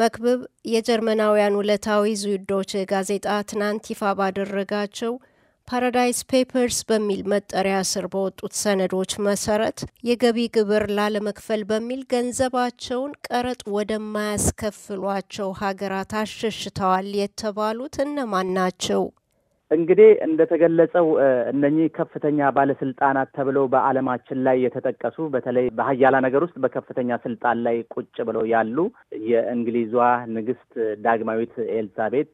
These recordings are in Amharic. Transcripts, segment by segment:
መክብብ የጀርመናውያን ውለታዊ ዙዶች ጋዜጣ ትናንት ይፋ ባደረጋቸው ፓራዳይስ ፔፐርስ በሚል መጠሪያ ስር በወጡት ሰነዶች መሰረት የገቢ ግብር ላለመክፈል በሚል ገንዘባቸውን ቀረጥ ወደማያስከፍሏቸው ሀገራት አሸሽተዋል የተባሉት እነማን ናቸው? እንግዲህ እንደተገለጸው እነኚህ ከፍተኛ ባለስልጣናት ተብለው በዓለማችን ላይ የተጠቀሱ በተለይ በሀያላ ነገር ውስጥ በከፍተኛ ስልጣን ላይ ቁጭ ብለው ያሉ የእንግሊዟ ንግስት ዳግማዊት ኤልዛቤት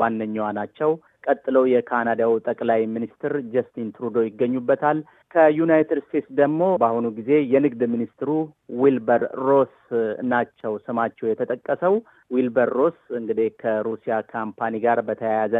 ዋነኛዋ ናቸው። ቀጥለው የካናዳው ጠቅላይ ሚኒስትር ጀስቲን ትሩዶ ይገኙበታል። ከዩናይትድ ስቴትስ ደግሞ በአሁኑ ጊዜ የንግድ ሚኒስትሩ ዊልበር ሮስ ናቸው ስማቸው የተጠቀሰው። ዊልበር ሮስ እንግዲህ ከሩሲያ ካምፓኒ ጋር በተያያዘ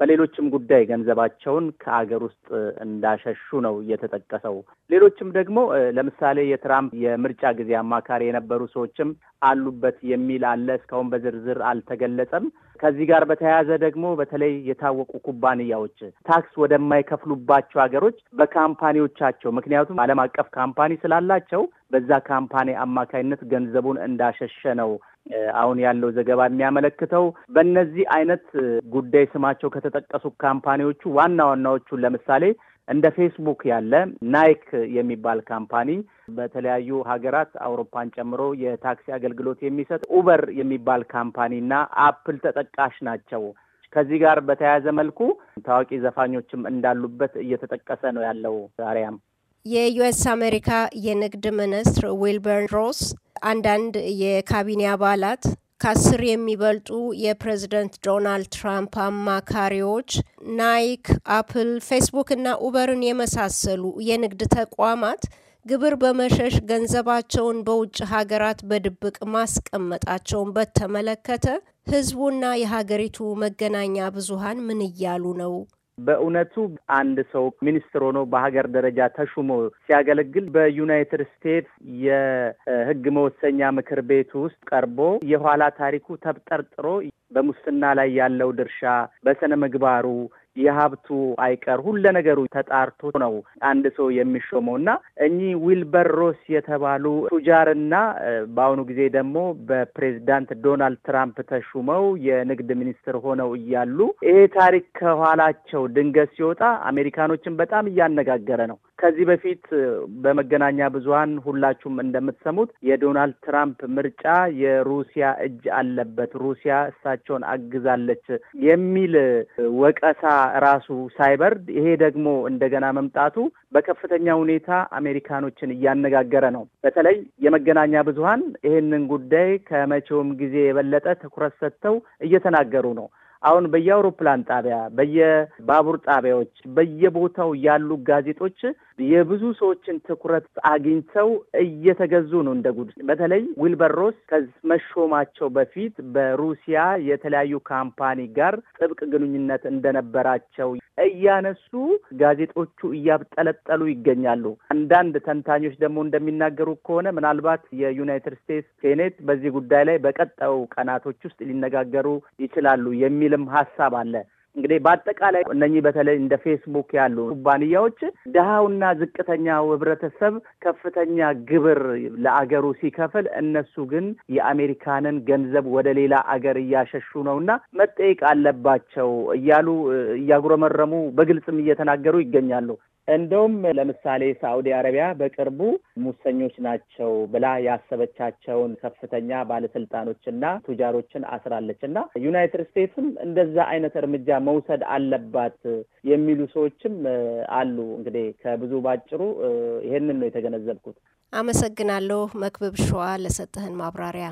በሌሎችም ጉዳይ ገንዘባቸውን ከአገር ውስጥ እንዳሸሹ ነው እየተጠቀሰው። ሌሎችም ደግሞ ለምሳሌ የትራምፕ የምርጫ ጊዜ አማካሪ የነበሩ ሰዎችም አሉበት የሚል አለ። እስካሁን በዝርዝር አልተገለጸም። ከዚህ ጋር በተያያዘ ደግሞ በተለይ የታወቁ ኩባንያዎች ታክስ ወደማይከፍሉባቸው ሀገሮች በካምፓኒዎቻቸው ምክንያቱም ዓለም አቀፍ ካምፓኒ ስላላቸው በዛ ካምፓኒ አማካይነት ገንዘቡን እንዳሸሸ ነው አሁን ያለው ዘገባ የሚያመለክተው በእነዚህ አይነት ጉዳይ ስማቸው ከተጠቀሱ ካምፓኒዎቹ ዋና ዋናዎቹን ለምሳሌ እንደ ፌስቡክ ያለ ናይክ የሚባል ካምፓኒ በተለያዩ ሀገራት አውሮፓን ጨምሮ የታክሲ አገልግሎት የሚሰጥ ኡበር የሚባል ካምፓኒ እና አፕል ተጠቃሽ ናቸው። ከዚህ ጋር በተያያዘ መልኩ ታዋቂ ዘፋኞችም እንዳሉበት እየተጠቀሰ ነው ያለው። ዛሬያም የዩኤስ አሜሪካ የንግድ ሚኒስትር ዊልበርን ሮስ አንዳንድ የካቢኔ አባላት ከአስር የሚበልጡ የፕሬዝደንት ዶናልድ ትራምፕ አማካሪዎች ናይክ፣ አፕል፣ ፌስቡክ እና ኡበርን የመሳሰሉ የንግድ ተቋማት ግብር በመሸሽ ገንዘባቸውን በውጭ ሀገራት በድብቅ ማስቀመጣቸውን በተመለከተ ህዝቡና የሀገሪቱ መገናኛ ብዙሃን ምን እያሉ ነው? በእውነቱ አንድ ሰው ሚኒስትር ሆኖ በሀገር ደረጃ ተሹሞ ሲያገለግል በዩናይትድ ስቴትስ የሕግ መወሰኛ ምክር ቤት ውስጥ ቀርቦ የኋላ ታሪኩ ተብጠርጥሮ በሙስና ላይ ያለው ድርሻ በስነ ምግባሩ የሀብቱ አይቀር ሁለ ነገሩ ተጣርቶ ነው አንድ ሰው የሚሾመው እና እኚህ ዊልበር ሮስ የተባሉ ቱጃርና በአሁኑ ጊዜ ደግሞ በፕሬዚዳንት ዶናልድ ትራምፕ ተሹመው የንግድ ሚኒስትር ሆነው እያሉ ይሄ ታሪክ ከኋላቸው ድንገት ሲወጣ አሜሪካኖችን በጣም እያነጋገረ ነው። ከዚህ በፊት በመገናኛ ብዙኃን ሁላችሁም እንደምትሰሙት የዶናልድ ትራምፕ ምርጫ የሩሲያ እጅ አለበት፣ ሩሲያ እሳቸውን አግዛለች የሚል ወቀሳ ራሱ ሳይበርድ ይሄ ደግሞ እንደገና መምጣቱ በከፍተኛ ሁኔታ አሜሪካኖችን እያነጋገረ ነው። በተለይ የመገናኛ ብዙኃን ይህንን ጉዳይ ከመቼውም ጊዜ የበለጠ ትኩረት ሰጥተው እየተናገሩ ነው። አሁን በየአውሮፕላን ጣቢያ፣ በየባቡር ጣቢያዎች፣ በየቦታው ያሉ ጋዜጦች የብዙ ሰዎችን ትኩረት አግኝተው እየተገዙ ነው እንደ ጉድ። በተለይ ዊልበር ሮስ ከመሾማቸው በፊት በሩሲያ የተለያዩ ካምፓኒ ጋር ጥብቅ ግንኙነት እንደነበራቸው እያነሱ ጋዜጦቹ እያብጠለጠሉ ይገኛሉ። አንዳንድ ተንታኞች ደግሞ እንደሚናገሩ ከሆነ ምናልባት የዩናይትድ ስቴትስ ሴኔት በዚህ ጉዳይ ላይ በቀጣዩ ቀናቶች ውስጥ ሊነጋገሩ ይችላሉ የሚልም ሀሳብ አለ። እንግዲህ በአጠቃላይ እነኚህ በተለይ እንደ ፌስቡክ ያሉ ኩባንያዎች ድሃውና ዝቅተኛው ህብረተሰብ ከፍተኛ ግብር ለአገሩ ሲከፍል፣ እነሱ ግን የአሜሪካንን ገንዘብ ወደ ሌላ አገር እያሸሹ ነውና መጠየቅ አለባቸው እያሉ እያጉረመረሙ በግልጽም እየተናገሩ ይገኛሉ። እንደውም ለምሳሌ ሳዑዲ አረቢያ በቅርቡ ሙሰኞች ናቸው ብላ ያሰበቻቸውን ከፍተኛ ባለስልጣኖችና ቱጃሮችን አስራለች እና ዩናይትድ ስቴትስም እንደዛ አይነት እርምጃ መውሰድ አለባት የሚሉ ሰዎችም አሉ። እንግዲህ ከብዙ ባጭሩ ይሄንን ነው የተገነዘብኩት። አመሰግናለሁ መክብብ ሸዋ ለሰጠህን ማብራሪያ።